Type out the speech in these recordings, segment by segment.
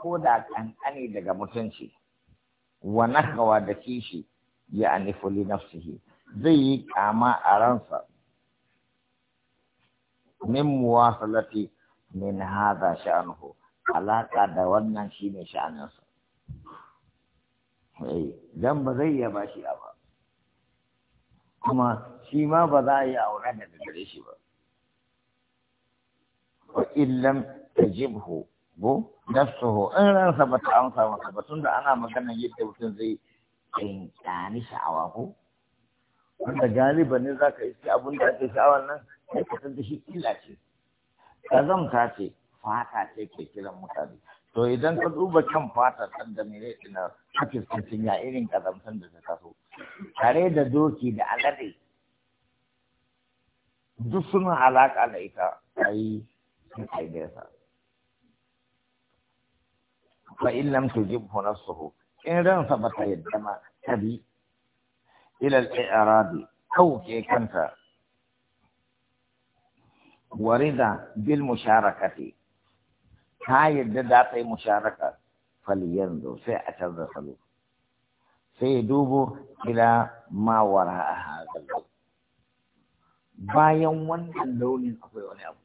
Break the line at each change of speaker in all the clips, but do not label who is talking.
ko da kankani daga mutunci wa nakawa da kishi ya anifu na nafsihi zai yi kama a ransa min muwasalati min hadha sha'anuhu alaka da wannan shine sha'aninsa eh dan ba zai ya shi ba kuma shi ma ba za a yi aure da gare shi ba wa illam tajibhu go nafsuhu in ransa bata amsa masa ba tunda ana maganar yadda mutum zai tsani sha'awa ko wanda galiba ne zaka yi iske abin da ake sha'awar nan sai ka san da shi kila ce kazamta ce fata ce ke kiran mutane to idan ka duba kan fata san da mene ina hakin sun ya irin kazamtan da ta taso tare da doki da alade duk suna alaka da ita ayi sun da sa fa in lam tujibhu nafsuhu in ransa ba ta yadda ma ta ila al kauke kanta warida bil musharakati ta yadda da ta yi musharaka falyanzu sai a canza salo sai dubo ila ma wara a bayan wannan launin akwai wani abu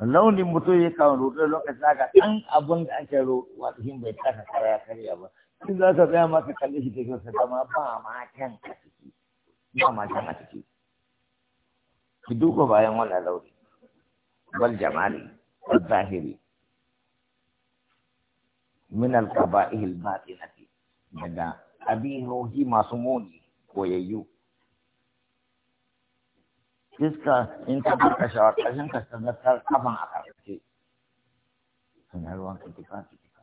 launin mutum ya kawo roƙo lokacin haka ɗan abun da ake roƙo hin bai taka kara ya karya ba in za ta tsaya maka kalli shi kyau sa kama ba ma can a ciki ba ma can a ciki ki duka bayan wannan launi wal jamali wal zahiri min al qaba'ih al batinati daga abin abihohi masu muni koyayyu iska in ka kashe shawar ƙarshen ka sanar ta kafan a karkace suna ruwan ka tuka tuka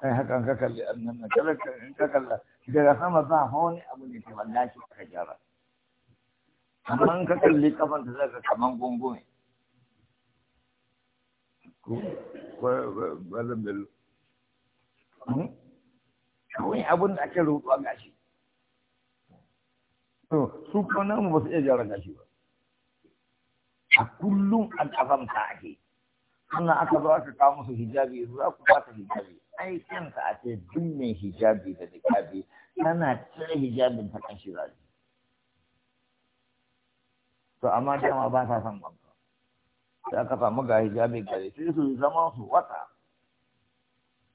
kai hakan ka kalli annan na kalaka in ka kalla daga sama ba hawan abu ne ke wallahi ka gyara amma in ka kalli kafan ta zaka kaman gungume ko ko balan bello hmm? abun da ake roƙo gashi to su kuma namu ba su iya gyara gashi ba a kullum an ta ake sannan aka zo aka kawo musu hijabi za ku bata hijabi aikin kanta a ce duk mai hijabi da nikabi tana cire hijabin ta kan shirazi to amma dama ba ta san wanka sai aka samu ga hijabi gare sai su zama su wata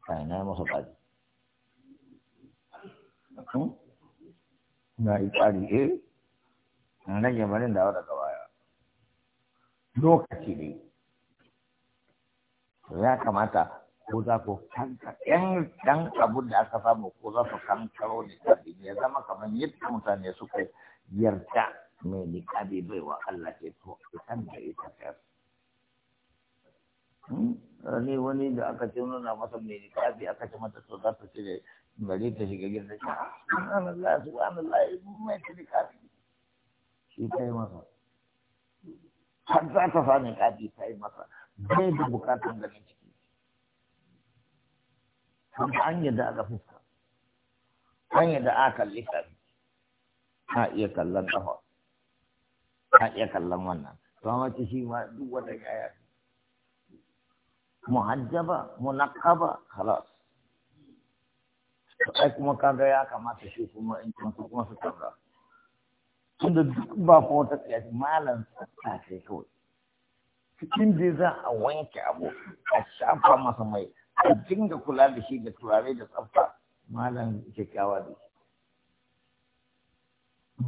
kai na musu kaji na yi tsari eh, Na rage yamarin da daga baya lokaci ne ya kamata ko za ku kanka yan dan abu da aka samu ko za su kankaro ne tsari ya zama kamar yadda mutane suka yarda mai bai baiwa Allah ke to da ita kai Hmm? ne wani da aka ce nuna masa mai kafi aka ce mata to za ta da gari ta shiga gidan shi ah, subhanallah subhanallah mai ta da shi ta yi masa har za ta sami kafi ta yi masa bai da bukatan ganin ciki kuma an da aka fuska an da aka kalli kafi iya kallon kafa ta iya kallon wannan to amma shi ma duk wata yaya muhajjaba munakaba halas ai kuma ka ga ya kamata shi kuma in kun kuma su tsara tunda duk ba ko ta tsaya malam ta ce kawai cikin da za a wanke abu a shafa masa mai a dinga kula da shi da turare da tsafta malam kyakkyawa da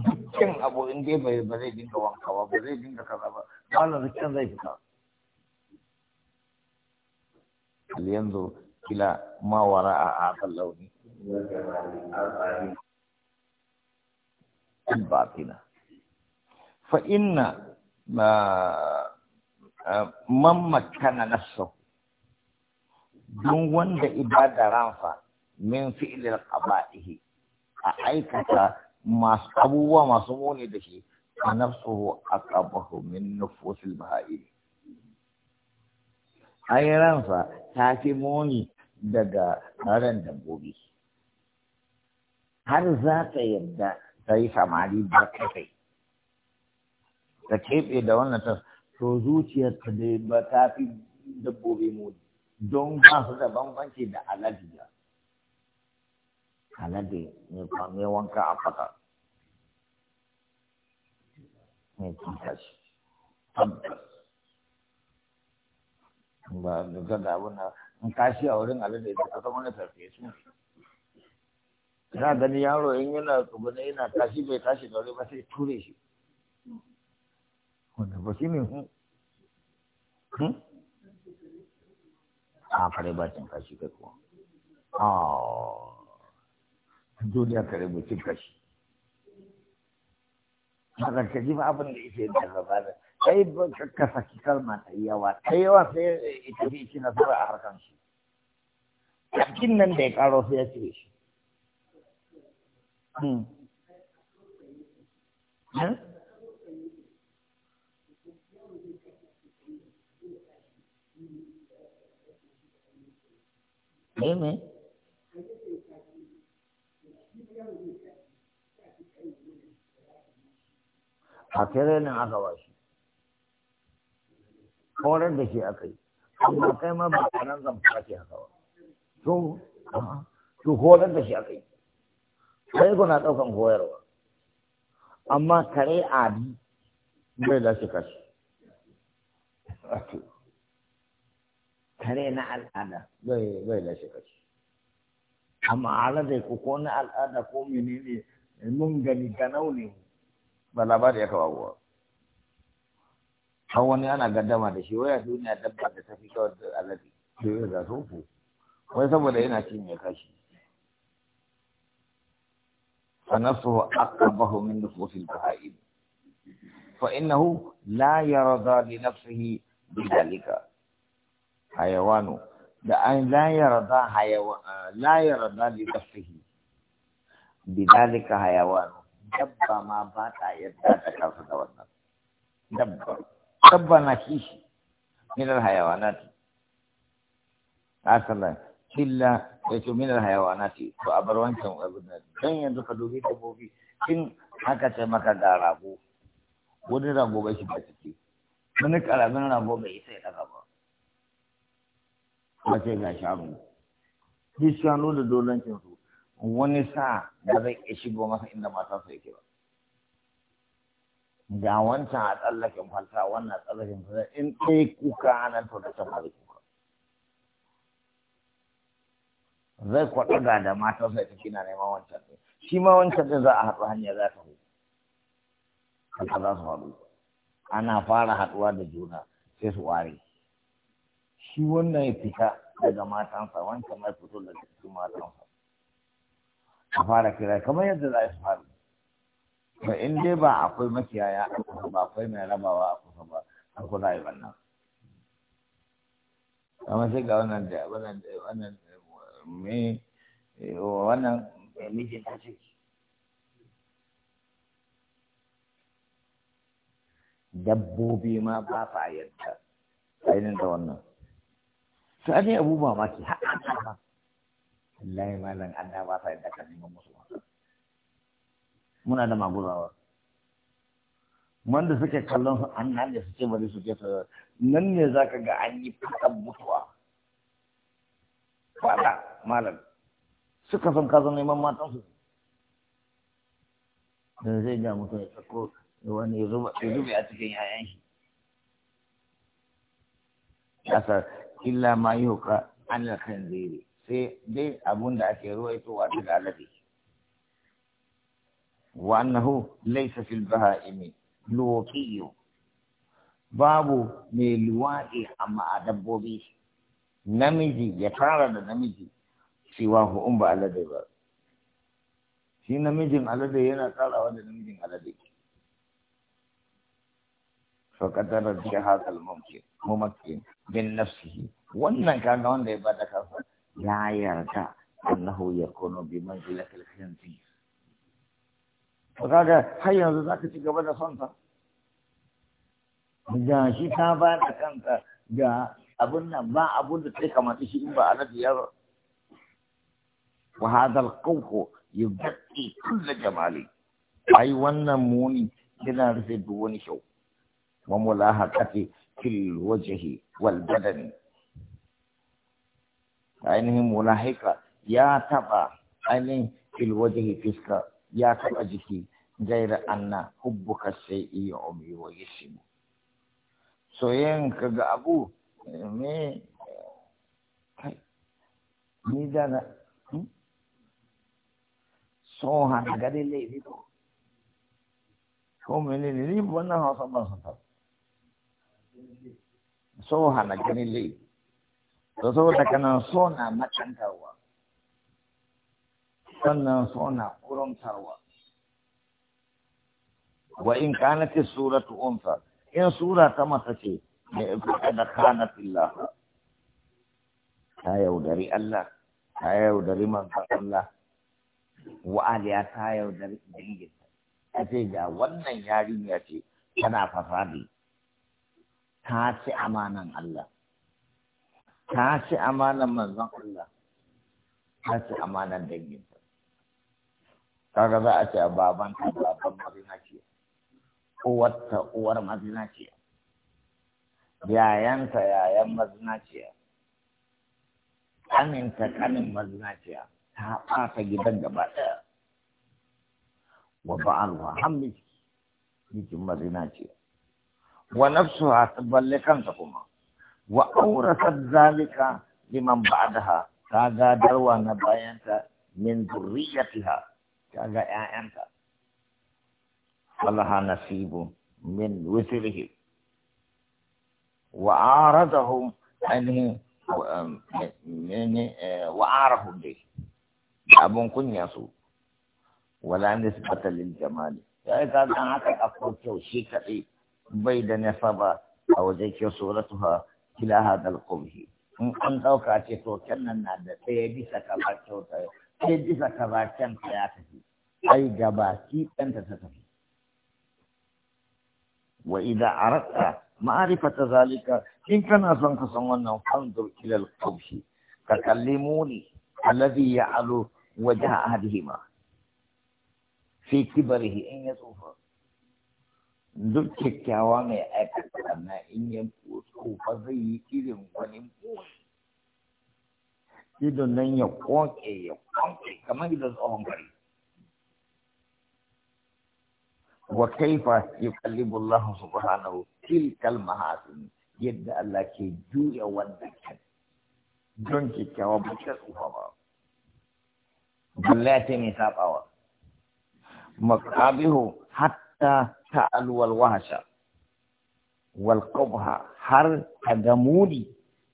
shi cikin abu in dai bai ba zai dinga wankawa ba zai dinga kaza ba malam rikin zai fita لينظر إلى ما وراء هذا اللون الباطنة فإن من مكن نفسه دون وند إبادة رانفا من فعل القبائه أعيكة ما أبوه ما سموني دشي فنفسه أقبه من نفوس البهائم أي رانفا ta fi muni daga ran dabbobi har za ta yadda ta yi samari ba kafai ta keɓe da wannan ta zuciyar zuciyarta dai ba ta fi dabbobi muni don ba su da bambanci da aladiya alade ne kwame wanka a fata ne tabbas ba ga da abun nan in kashi a wurin alade da ka san wani farfesu za gani yaro in yana tsugune yana kashi bai kashi da wuri ba sai ture shi wanda ba shi ne hu hmm? hmm? a kare ba cin kashi kai kuma a duniya kare ba cin kashi haka ka ji ba abin da yake da gaba da sai ka saki kalma ta yawa ta yawa sai ita fi shi nasara a harkar shi yakin nan da ya karo sai ya cire shi hmm. Me me? A kere nan aka bashi. kawar da shi aka yi amma kai ma ba a nan zamfara ce haka ba to to kawar da shi aka yi sai kuna ɗaukan koyarwa amma kare adi bai lashe kashi kare na al'ada bai lashe kashi amma al'ada ko ko na al'ada ko menene mun gani ganau ne ba labari ya kawo har wani ana gaddama da shi waya duniya dabba da ta fi kawai da alade ke da tofu wai saboda yana ci mai kashi fa nafsuhu aqrabahu min nufusil bahaim fa innahu la yarda li nafsihi bidalika hayawanu da an la yarda hayawan la yarda li nafsihi bidalika hayawanu dabba ma ba ta yarda da kansa da wannan dabba Sabba na kishi min alhayawanat asalan illa ya ce min alhayawanat to a bar wancan abin nan dan yanzu ka dubi dabbobi in haka ce maka ga rago wani rago bai ciki wani karamin rago bai daga ba ga shanu duk shanu da dolancin su wani sa ba zai iya shigo masa inda matansa yake ba ga wancan a tsallakin falta wannan a tsallakin falta in ɗaya kuka anan to da can ba zai kuka zai kwaɗa ga da matan sai ta kina neman wancan ɗin shi ma wancan ɗin za a haɗu hanya za ta hu haka za su haɗu ana fara haɗuwa da juna sai su ware shi wannan ya fita daga matansa wancan mai fito daga cikin matansa a fara kira kamar yadda za a yi su haɗu. ba in dai ba akwai makiyaya ba akwai mai rabawa a kusa ba a kuna yi wannan amma sai ga wannan da wannan da wannan da wannan da mijin ta ciki dabbobi ma ba sa yadda ainihin da wannan sai ne abubuwa ma ke haɗa Allah ya malam Allah ba sa yadda kan neman musu wannan muna da magurawa wanda suke kallon su an nan da suke bari suke su nan ne za ka ga an yi faɗan mutuwa fada malam suka son zama neman matansu. su zai ga mutum ya tsako wani ya zube a cikin yayan shi kasar illa ma yi hukar an zai yi. sai dai abun da ake ruwaitowa da alade. وأنه ليس في البهائم لوطي باب ميلواي أما أدبوبي نمجي يتعالى نمجي سواه أمبا ألدي بار شي نمجي ألدي ينا تعالى ودي نمجي ألدي فقدر جهاز الممكن ممكن من نفسه وانا كان عنده بدك لا يرجع أنه يكون بمنزلة الخنزير to kaga har yanzu za ka ci gaba da sonta ta ga shi ta ba da kanta ga abin nan ba abun da sai kamata shi in ba a nafi yaro wa hadal qawqu yubatti kull jamali ai wannan muni yana rufe duk wani kyau wa mulahaqati fil wajhi wal badani ainihin mulahika ya taba ainihin fil wajhi fiska ya taɓa jiki gaira anna hubbuka sai iya omi wa yashimu soyayyen ka ga abu me kai ni dana. Hmm? So hana gari laifi ko ko mene ne ni wannan hausa ban san ta so hana gari laifi to saboda kana so na matantarwa sannan suna kurantarwa. wa in kanat suratu unsa in sura ta mata ce da kanat illah ta yaudari Allah ta yaudari manzon Allah wa aliya ta yaudari dangin ta ce ga wannan yarinya ce tana fasadi ta ci amanan Allah ta ci amanan manzon Allah ta ci amanan dangin. kaga za a ce baban ta baban mazinaciya uwarta uwar mazinaciya yayanta yayan mazinaciya aminta kanin mazinaciya ta ɓata gidan gaba ɗaya wa ba'alwa hammi jikin mazinaciya wa nafsuha ta balle kanta kuma wa aurasar zalika liman Ba'adaha, ta gadarwa na bayanta min zurriyatiha kaga ƴaƴanta falaha nasibu min wusrihi wa ainihin um, eh, wa dai abun kunya su wala nisbata lil jamali sai ka dan haka kyau shi kaɗai, bai da nasaba a wajen kyau suratuha ila hadal qubhi in an dauka ce to kannan na da ɗaya bisa kamar kyauta sai bisa ka kyanta ya tafi ai gabaki ɗanta ta tafi wa idan aratta ma'arifata zalika in kana son ka san wannan fanzur ila kaushe? ka kalli muni alladhi ya'alu wajha ahadihima sai kibarihi in ya tsufa duk kyakkyawa mai aikata na in ya tsufa zai yi irin wani muni idon nan ya ƙoƙe ya ƙoƙe kamar idon tsohon bari wa kaifa yuqallibu Allah subhanahu tilkal mahasin yadda Allah ke juya wanda kan don kyakkyawa ba bace tsufa ba Allah ta ne sabawa Makabihu hatta ta wahsha wal qabha har kagamuri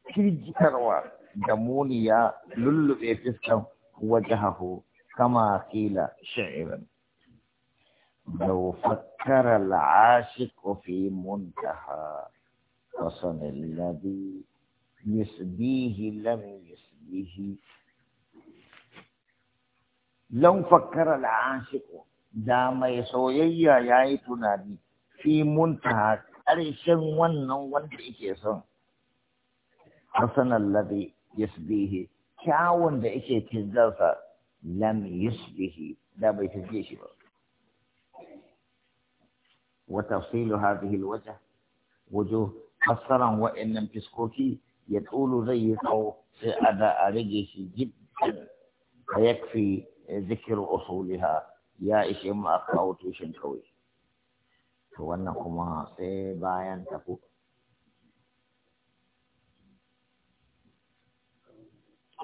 kirjitarwa da muni ya lullube fiskan wajahahu kama kila sha'iran. Lau fakkara al’ashik fi muntaha wasan alladhi yasbihi lam yasbihi lam fakkara al’ashik da mai soyayya ya yi tunani fi muntaha ƙarshen wannan wanda yake son wasan alladhi yasbihi kyawun da yake tizzarsa lam yusbihi da bai tizge shi ba wa tafsilu hadhihi alwajh wujuh fassaran wa'annan fiskoki ya tsulu zai yi tsawo sai a a rage shi jiddan ka yakfi zikir usuliha ya ishe mu a tushen kawai to wannan kuma sai bayan tafu.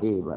eh ba